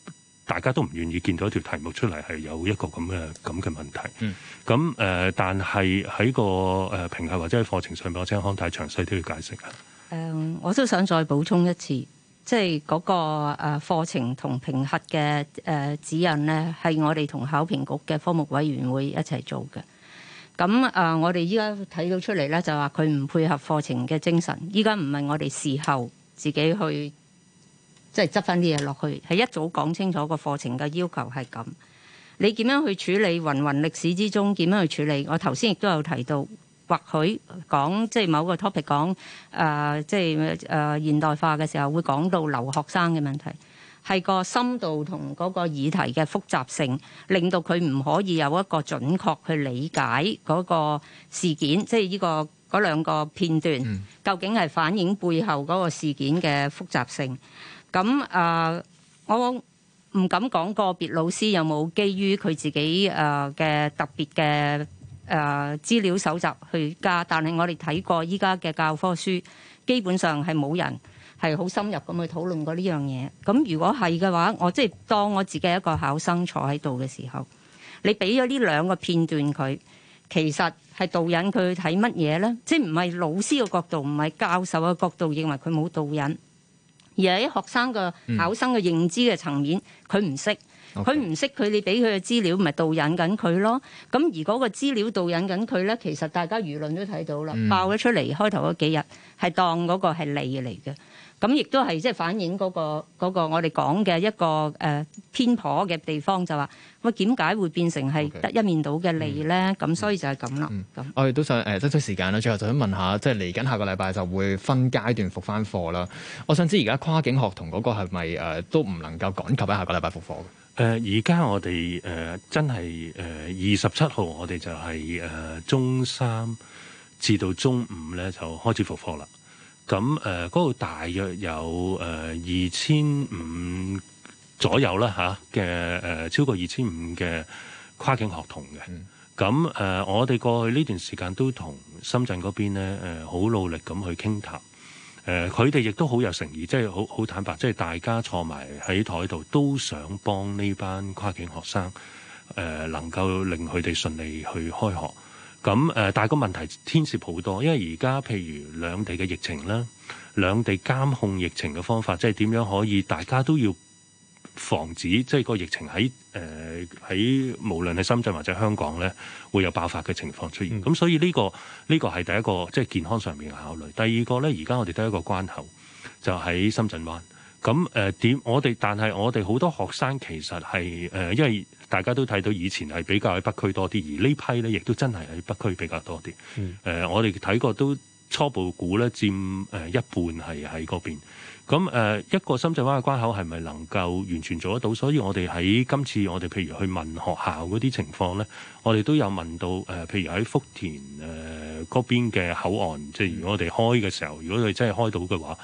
大家都唔願意見到一條題目出嚟係有一個咁嘅咁嘅問題。嗯，咁誒、呃，但係喺個誒評核或者喺課程上面，我請康太詳細都要解釋啦、嗯。我都想再補充一次，即係嗰個誒課程同評核嘅誒指引呢，係我哋同考評局嘅科目委員會一齊做嘅。咁啊、呃，我哋依家睇到出嚟呢，就話佢唔配合課程嘅精神。依家唔係我哋事後自己去。即係執翻啲嘢落去，係一早講清楚個課程嘅要求係咁。你點樣去處理芸芸歷史之中？點樣去處理？我頭先亦都有提到，或許講即係某個 topic 講啊、呃，即係、呃、現代化嘅時候會講到留學生嘅問題，係個深度同嗰個議題嘅複雜性，令到佢唔可以有一個準確去理解嗰個事件，即係呢、呢個嗰兩個片段究竟係反映背後嗰個事件嘅複雜性。咁、呃、我唔敢講個別老師有冇基於佢自己嘅、呃、特別嘅誒、呃、資料搜集去加，但係我哋睇過依家嘅教科書，基本上係冇人係好深入咁去討論過呢樣嘢。咁如果係嘅話，我即係當我自己一個考生坐喺度嘅時候，你俾咗呢兩個片段佢，其實係導引佢睇乜嘢呢？即係唔係老師嘅角度，唔係教授嘅角度認為佢冇導引。而喺學生嘅考生嘅認知嘅層面，佢唔識，佢唔識佢，你俾佢嘅資料，咪導引緊佢咯。咁而嗰個資料導引緊佢咧，其實大家輿論都睇到啦，嗯，爆咗出嚟，開頭嗰幾日係當嗰個係利嚟嘅。咁亦都係即反映嗰、那個那個我哋講嘅一個偏、呃、頗嘅地方就，就話個點解會變成係得一面倒嘅利咧，咁、okay. 嗯、所以就係咁啦。咁、嗯嗯、我哋都想誒，即、呃就是、時間啦，最後就想問下，即係嚟緊下個禮拜就會分階段復翻課啦。我想知而家跨境學童嗰個係咪、呃、都唔能夠趕及喺下個禮拜復課？誒而家我哋、呃、真係二十七號，呃、我哋就係、是呃、中三至到中五咧，就開始復課啦。咁誒，嗰度大約有誒二千五左右啦吓嘅誒，超過二千五嘅跨境學童嘅。咁、嗯、誒，我哋過去呢段時間都同深圳嗰邊咧誒，好努力咁去傾談。誒、呃，佢哋亦都好有誠意，即係好好坦白，即係大家坐埋喺台度，都想幫呢班跨境學生誒、呃，能夠令佢哋順利去開學。咁誒，但係個問題牽涉好多，因為而家譬如兩地嘅疫情啦，兩地監控疫情嘅方法，即係點樣可以大家都要防止，即係個疫情喺誒喺無論係深圳或者香港咧，會有爆發嘅情況出現，咁、嗯、所以呢個呢個係第一個即係、就是、健康上面嘅考慮，第二個咧，而家我哋都一個關口，就喺、是、深圳灣。咁誒點？呃、我哋但係我哋好多學生其實係誒、呃，因為大家都睇到以前係比較喺北區多啲，而批呢批咧亦都真係喺北區比較多啲。誒、嗯呃，我哋睇過都初步估咧佔一半係喺嗰邊。咁、呃、誒一個深圳灣嘅關口係咪能夠完全做得到？所以我哋喺今次我哋譬如去問學校嗰啲情況咧，我哋都有問到誒、呃，譬如喺福田誒嗰、呃、邊嘅口岸，嗯、即係如果我哋開嘅時候，如果佢真係開到嘅話。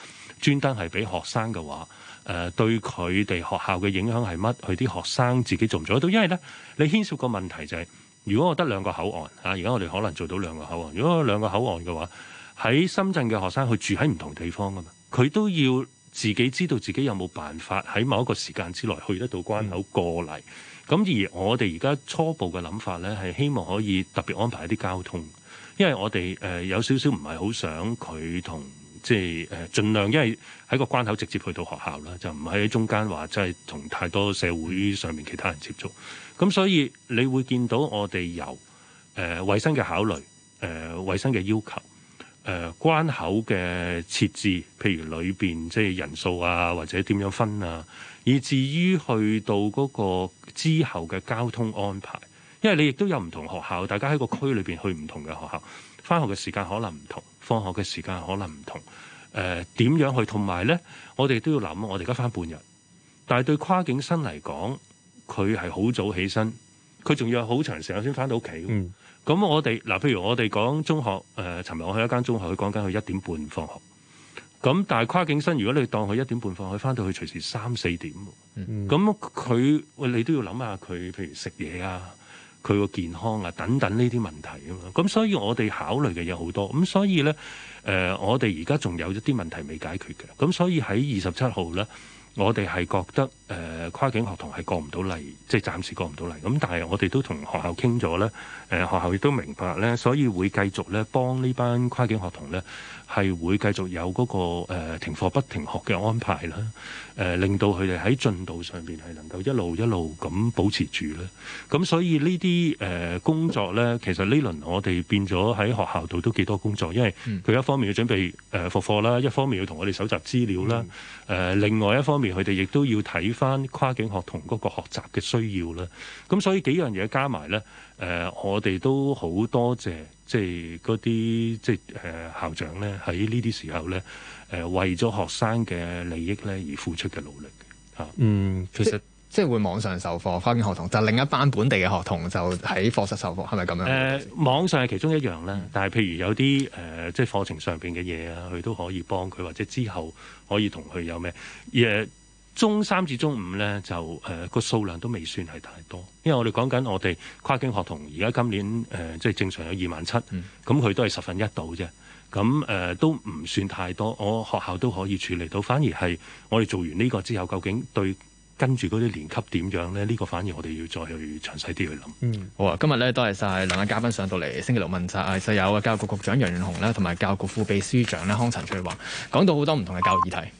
專登係俾學生嘅話，誒、呃、對佢哋學校嘅影響係乜？佢啲學生自己做唔做得到？因為呢，你牽涉個問題就係、是，如果我得兩個口岸啊，而家我哋可能做到兩個口岸。如果兩個口岸嘅話，喺深圳嘅學生佢住喺唔同地方噶嘛，佢都要自己知道自己有冇辦法喺某一個時間之內去得到關口過嚟。咁、嗯、而我哋而家初步嘅諗法呢，係希望可以特別安排一啲交通，因為我哋、呃、有少少唔係好想佢同。即係誒，盡量，因為喺個關口直接去到學校啦，就唔喺中間話即係同太多社會上面其他人接觸，咁所以你會見到我哋由誒衛生嘅考慮誒衛生嘅要求、誒、呃、關口嘅設置，譬如裏邊即係人數啊，或者點樣分啊，以至於去到嗰個之後嘅交通安排，因為你亦都有唔同學校，大家喺個區裏邊去唔同嘅學校，翻學嘅時間可能唔同。放學嘅時間可能唔同，誒、呃、點樣去？同埋咧，我哋都要諗，我哋而家翻半日，但係對跨境生嚟講，佢係好早起身，佢仲要好長時間先翻到屋企。咁、嗯、我哋嗱、呃，譬如我哋講中學，誒尋日我去一間中學，佢講緊佢一點半放學。咁但係跨境生，如果你當佢一點半放學，翻到去隨時三四點。咁、嗯、佢你都要諗下佢，譬如食嘢啊。佢個健康啊，等等呢啲問題啊嘛，咁所以我哋考慮嘅嘢好多，咁所以呢，誒、呃、我哋而家仲有一啲問題未解決嘅，咁所以喺二十七號呢，我哋係覺得。誒、呃、跨境學童係過唔到嚟，即係暫時過唔到嚟。咁但係我哋都同學校傾咗咧，誒、呃、學校亦都明白咧，所以會繼續咧幫呢班跨境學童咧係會繼續有嗰、那個、呃、停課不停學嘅安排啦、呃。令到佢哋喺進度上面係能夠一路一路咁保持住咧。咁所以呢啲誒工作咧，其實呢輪我哋變咗喺學校度都幾多工作，因為佢一方面要準備誒復課啦，一方面要同我哋搜集資料啦，誒、嗯呃、另外一方面佢哋亦都要睇。翻跨境學童嗰個學習嘅需要啦，咁所以幾樣嘢加埋咧，我哋都好多謝即係嗰啲即係校長咧，喺呢啲時候咧，誒為咗學生嘅利益咧而付出嘅努力嚇。嗯，其實即係會網上授課、跨境學童就是、另一班本地嘅學童就喺課室授課，係咪咁樣？誒，網上係其中一樣咧，但係譬如有啲即係課程上面嘅嘢啊，佢都可以幫佢，或者之後可以同佢有咩嘢。中三至中五咧就誒個、呃、數量都未算係太多，因為我哋講緊我哋跨境學童，而家今年誒、呃、即係正常有二萬七，咁佢都係十分一度啫，咁誒、呃、都唔算太多，我學校都可以處理到。反而係我哋做完呢個之後，究竟對跟住嗰啲年級點樣咧？呢、呢個反而我哋要再去詳細啲去諗。嗯，好啊，今日咧多謝晒兩位嘉賓上到嚟星期六問責，仲有啊，教育局局長楊潤雄啦，同埋教育局副秘書長咧康陳翠華，講到好多唔同嘅教育議題。